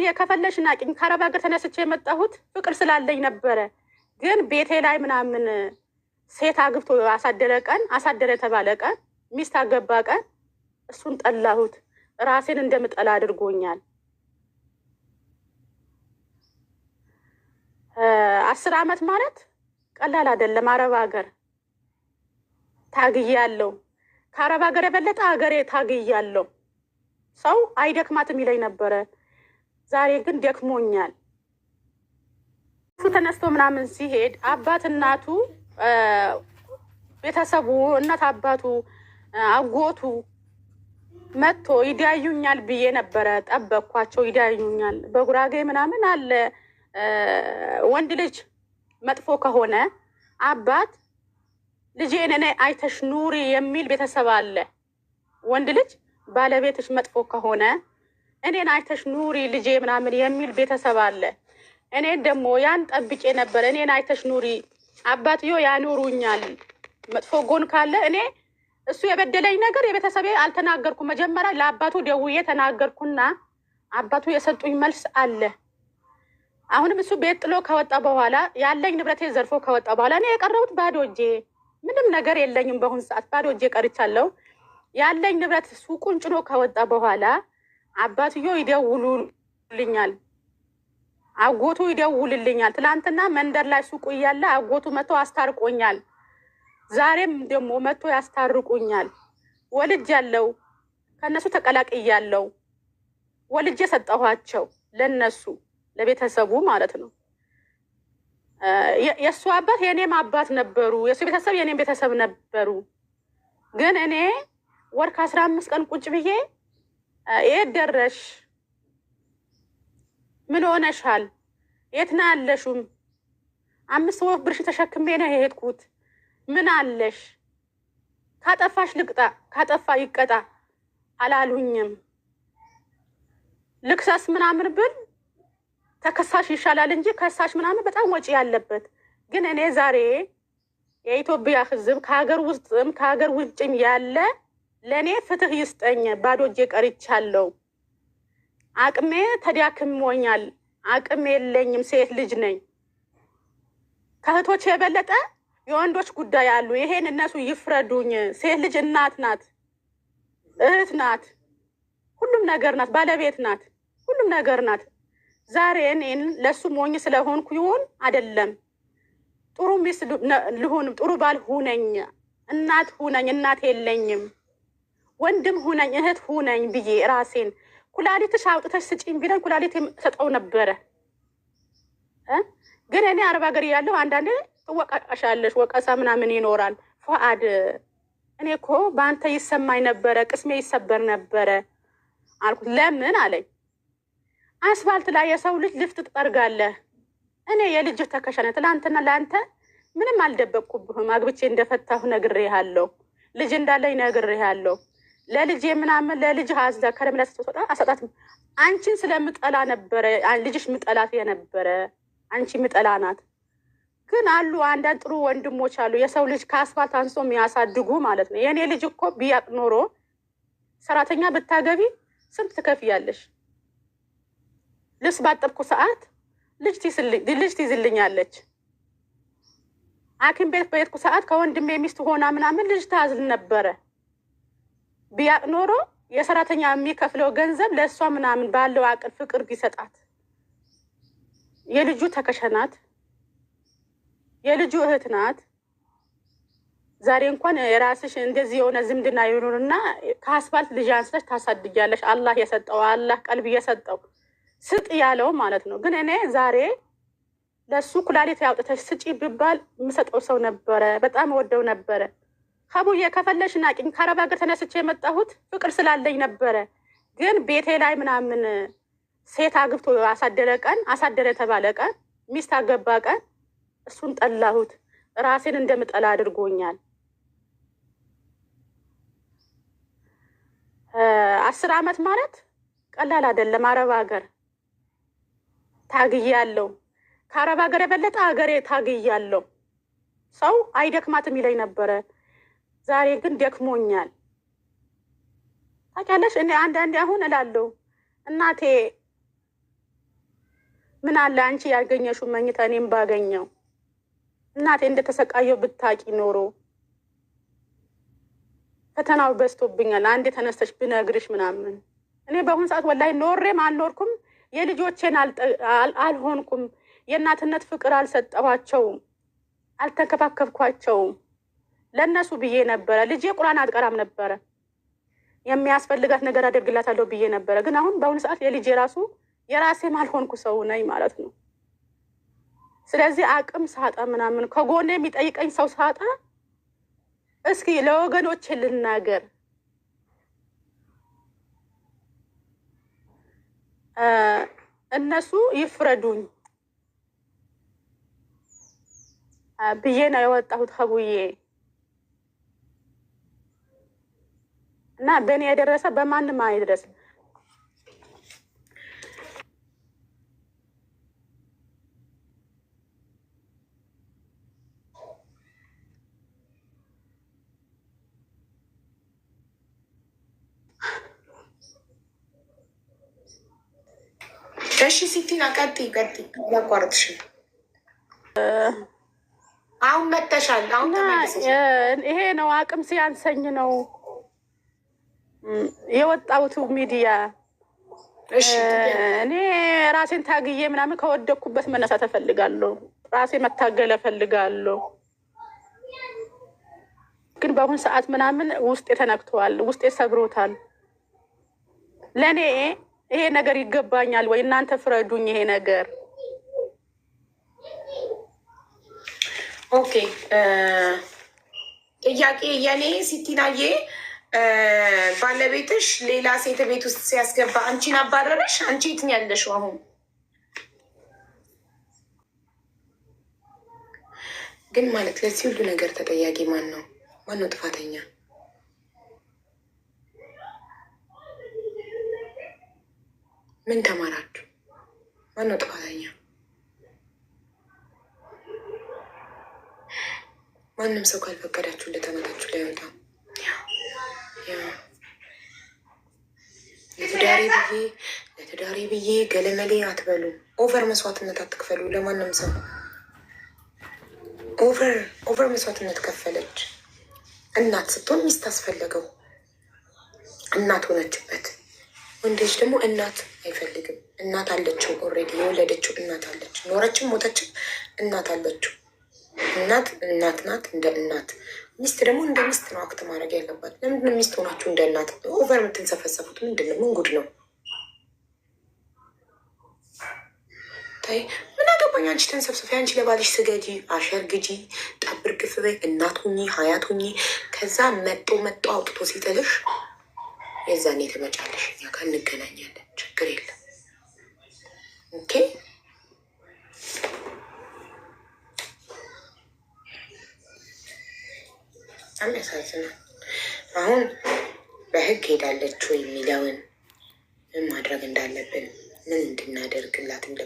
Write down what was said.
ሰውዬ ከፈለሽ ናቂኝ ከአረብ ሀገር ተነስቼ የመጣሁት ፍቅር ስላለኝ ነበረ። ግን ቤቴ ላይ ምናምን ሴት አግብቶ አሳደረ ቀን አሳደረ የተባለ ቀን ሚስት አገባ ቀን እሱን ጠላሁት። ራሴን እንደምጠላ አድርጎኛል። አስር አመት ማለት ቀላል አይደለም። አረብ ሀገር ታግያለሁ። ከአረብ ሀገር የበለጠ ሀገሬ ታግያለሁ። ሰው አይደክማትም ይለኝ ነበረ። ዛሬ ግን ደክሞኛል ተነስቶ ምናምን ሲሄድ አባት እናቱ ቤተሰቡ እናት አባቱ አጎቱ መጥቶ ይዳዩኛል ብዬ ነበረ ጠበቅኳቸው። ይዳዩኛል በጉራጌ ምናምን አለ ወንድ ልጅ መጥፎ ከሆነ አባት ልጄን እኔ አይተሽ ኑሪ የሚል ቤተሰብ አለ። ወንድ ልጅ ባለቤትሽ መጥፎ ከሆነ እኔን አይተሽ ኑሪ ልጄ ምናምን የሚል ቤተሰብ አለ። እኔን ደግሞ ያን ጠብቄ ነበር። እኔን አይተሽ ኑሪ አባትዮ ያኖሩኛል። መጥፎ ጎን ካለ እኔ እሱ የበደለኝ ነገር የቤተሰቤ አልተናገርኩም። መጀመሪያ ለአባቱ ደውዬ ተናገርኩና አባቱ የሰጡኝ መልስ አለ። አሁንም እሱ ቤት ጥሎ ከወጣ በኋላ ያለኝ ንብረቴ ዘርፎ ከወጣ በኋላ እኔ የቀረቡት ባዶ እጄ፣ ምንም ነገር የለኝም። በአሁን ሰዓት ባዶ እጄ ቀርቻለሁ። ያለኝ ንብረት ሱቁን ጭኖ ከወጣ በኋላ አባትዮ ይደውሉልኛል፣ አጎቱ ይደውልልኛል። ትላንትና መንደር ላይ ሱቁ እያለ አጎቱ መጥቶ አስታርቆኛል። ዛሬም ደግሞ መጥቶ ያስታርቁኛል። ወልጅ ያለው ከእነሱ ተቀላቅያለው። ወልጅ የሰጠኋቸው ለነሱ ለቤተሰቡ ማለት ነው። የእሱ አባት የእኔም አባት ነበሩ። የእሱ ቤተሰብ የእኔም ቤተሰብ ነበሩ። ግን እኔ ወር ከአስራ አምስት ቀን ቁጭ ብዬ የት ደረሽ? ምን ሆነሻል? የት ነው ያለሹም? አምስት ወር ብርሽ ተሸክሜ ነው የሄድኩት። ምን አለሽ? ካጠፋሽ ልቅጣ፣ ካጠፋ ይቀጣ አላሉኝም። ልክሰስ ምናምን ብል ተከሳሽ ይሻላል እንጂ ከሳሽ ምናምን በጣም ወጪ ያለበት ግን እኔ ዛሬ የኢትዮጵያ ሕዝብ ከሀገር ውስጥም ከሀገር ውጭም ያለ ለእኔ ፍትህ ይስጠኝ። ባዶ እጄ ቀርቻለሁ። አቅሜ ተዳክሞኛል። አቅም የለኝም። ሴት ልጅ ነኝ። ከእህቶች የበለጠ የወንዶች ጉዳይ አሉ። ይሄን እነሱ ይፍረዱኝ። ሴት ልጅ እናት ናት፣ እህት ናት፣ ሁሉም ነገር ናት፣ ባለቤት ናት፣ ሁሉም ነገር ናት። ዛሬ እኔን ለእሱ ሞኝ ስለሆንኩ ይሁን አይደለም፣ ጥሩ ሚስት ልሁን፣ ጥሩ ባል ሁነኝ፣ እናት ሁነኝ፣ እናት የለኝም ወንድም ሁነኝ እህት ሁነኝ ብዬ ራሴን ኩላሊትሽ አውጥተሽ ስጪኝ ቢለን ኩላሊት ሰጠው ነበረ። ግን እኔ አረብ ሀገር ያለው አንዳንዴ ትወቃቀሻለሽ፣ ወቀሳ ምናምን ይኖራል። ፈአድ እኔ እኮ በአንተ ይሰማኝ ነበረ፣ ቅስሜ ይሰበር ነበረ አልኩት። ለምን አለኝ። አስፋልት ላይ የሰው ልጅ ልፍት ትጠርጋለህ። እኔ የልጅ ተከሻነ ትላንትና ለአንተ ምንም አልደበቅኩብህም። አግብቼ እንደፈታሁ ነግሬሃለሁ። ልጅ እንዳለኝ ነግሬሃለሁ። ለልጅ የምናምን ለልጅ ሀዘ ከለምላ ስትወጣ አሰጣት አንቺን ስለምጠላ ነበረ ልጅሽ ምጠላት የነበረ አንቺ ምጠላ ናት። ግን አሉ አንዳንድ ጥሩ ወንድሞች አሉ፣ የሰው ልጅ ከአስፋልት አንስቶ የሚያሳድጉ ማለት ነው። የእኔ ልጅ እኮ ቢያቅ ኖሮ ሰራተኛ ብታገቢ ስንት ትከፍያለሽ? ልብስ ባጠብኩ ሰዓት ልጅ ትይዝልኛለች። ሐኪም ቤት በየትኩ ሰዓት ከወንድሜ ሚስት ሆና ምናምን ልጅ ታዝል ነበረ። ቢያቅ ኖሮ የሰራተኛ የሚከፍለው ገንዘብ ለእሷ ምናምን ባለው አቅል ፍቅር ቢሰጣት የልጁ ተከሸናት የልጁ እህት ናት። ዛሬ እንኳን የራስሽ እንደዚህ የሆነ ዝምድና ይኑርና ከአስፋልት ልጅ አንስተሽ ታሳድጊያለሽ። አላህ የሰጠው አላህ ቀልብ የሰጠው ስጥ ያለው ማለት ነው። ግን እኔ ዛሬ ለእሱ ኩላሊት ያውጥተሽ ስጪ ብባል የምሰጠው ሰው ነበረ። በጣም ወደው ነበረ። ከቡዬ ከፈለሽ ናቂኝ ከአረብ ሀገር ተነስቼ የመጣሁት ፍቅር ስላለኝ ነበረ። ግን ቤቴ ላይ ምናምን ሴት አግብቶ አሳደረ ቀን አሳደረ የተባለ ቀን ሚስት አገባ ቀን እሱን ጠላሁት። ራሴን እንደምጠላ አድርጎኛል። አስር አመት ማለት ቀላል አይደለም። አረብ ሀገር ታግያለሁ። ከአረብ ሀገር የበለጠ ሀገሬ ታግያለሁ። ሰው አይደክማትም ይለኝ ነበረ። ዛሬ ግን ደክሞኛል። ታውቂያለሽ፣ እኔ አንዳንዴ አሁን እላለሁ እናቴ ምን አለ አንቺ ያገኘሽው መኝታ እኔም ባገኘው፣ እናቴ እንደተሰቃየው ብታቂ ኖሮ ፈተናው በዝቶብኛል። አንዴ ተነስተሽ ብነግርሽ ምናምን እኔ በአሁን ሰዓት ወላሂ ኖሬም አልኖርኩም የልጆቼን አልሆንኩም። የእናትነት ፍቅር አልሰጠኋቸውም፣ አልተንከባከብኳቸውም። ለእነሱ ብዬ ነበረ። ልጄ ቁርአን አትቀራም ነበረ። የሚያስፈልጋት ነገር አደርግላታለሁ ብዬ ነበረ። ግን አሁን በአሁኑ ሰዓት የልጄ ራሱ የራሴ ማልሆንኩ ሰው ነኝ ማለት ነው። ስለዚህ አቅም ሳጣ ምናምን ከጎኔ የሚጠይቀኝ ሰው ሳጣ እስኪ ለወገኖች ልናገር እነሱ ይፍረዱኝ ብዬ ነው የወጣሁት ከቡዬ እና በእኔ የደረሰ በማንም አይድረስ። እሺ ሲቲና ቀጥይ ቀጥይ፣ ያቋርጥሽ። አሁን መተሻል። አሁን ይሄ ነው አቅም ሲያንሰኝ ነው የወጣሁት ሚዲያ እኔ ራሴን ታግዬ ምናምን ከወደኩበት መነሳት እፈልጋለሁ። ራሴ መታገል እፈልጋለሁ። ግን በአሁን ሰዓት ምናምን ውስጤ ተነክተዋል፣ ውስጤ ሰብሮታል። ለእኔ ይሄ ነገር ይገባኛል ወይ? እናንተ ፍረዱኝ። ይሄ ነገር ኦኬ። ጥያቄ የኔ ሲቲናዬ ባለቤትሽ ሌላ ሴት ቤት ውስጥ ሲያስገባ አንቺን አባረረሽ። አንቺ የት ነው ያለሽው አሁን? ግን ማለት ለዚህ ሁሉ ነገር ተጠያቂ ማን ነው? ማነው ጥፋተኛ? ምን ተማራችሁ? ማነው ጥፋተኛ? ማንም ሰው ካልፈቀዳችሁ እንደተመታችሁ ላይ ለትዳሬ ብዬ ለትዳሬ ብዬ ገለመሌ አትበሉ። ኦቨር መስዋዕትነት አትክፈሉ ለማንም ሰው። ኦቨር ኦቨር መስዋዕትነት ከፈለች። እናት ስትሆን ሚስት አስፈለገው፣ እናት ሆነችበት። ወንድ ልጅ ደግሞ እናት አይፈልግም። እናት አለችው፣ ኦልሬዲ የወለደችው እናት አለች። ኖረችም ሞተችም እናት አለችው። እናት እናት ናት፣ እንደ እናት ሚስት ደግሞ እንደ ሚስት ነው አክት ማድረግ ያለባት። ለምንድነው ሚስት ሆናችሁ እንደ እናት ኦቨር የምትንሰፈሰፉት? ምንድነው? ምን ጉድ ነው? ታይ ምን አገባኝ? አንቺ ተንሰብሰፊ፣ አንቺ ለባልሽ ስገጂ፣ አሸርግጂ፣ ጠብር ግፍ በይ፣ እናት ሁኚ፣ ሀያት ሁኚ። ከዛ መጦ መጦ አውጥቶ ሲጥልሽ የዛኔ ትመጫለሽ። እኛ ጋር እንገናኛለን። ችግር የለም ኦኬ በጣም ያሳዝናል። አሁን በህግ ሄዳለች የሚለውን ምን ማድረግ እንዳለብን ምን እንድናደርግላት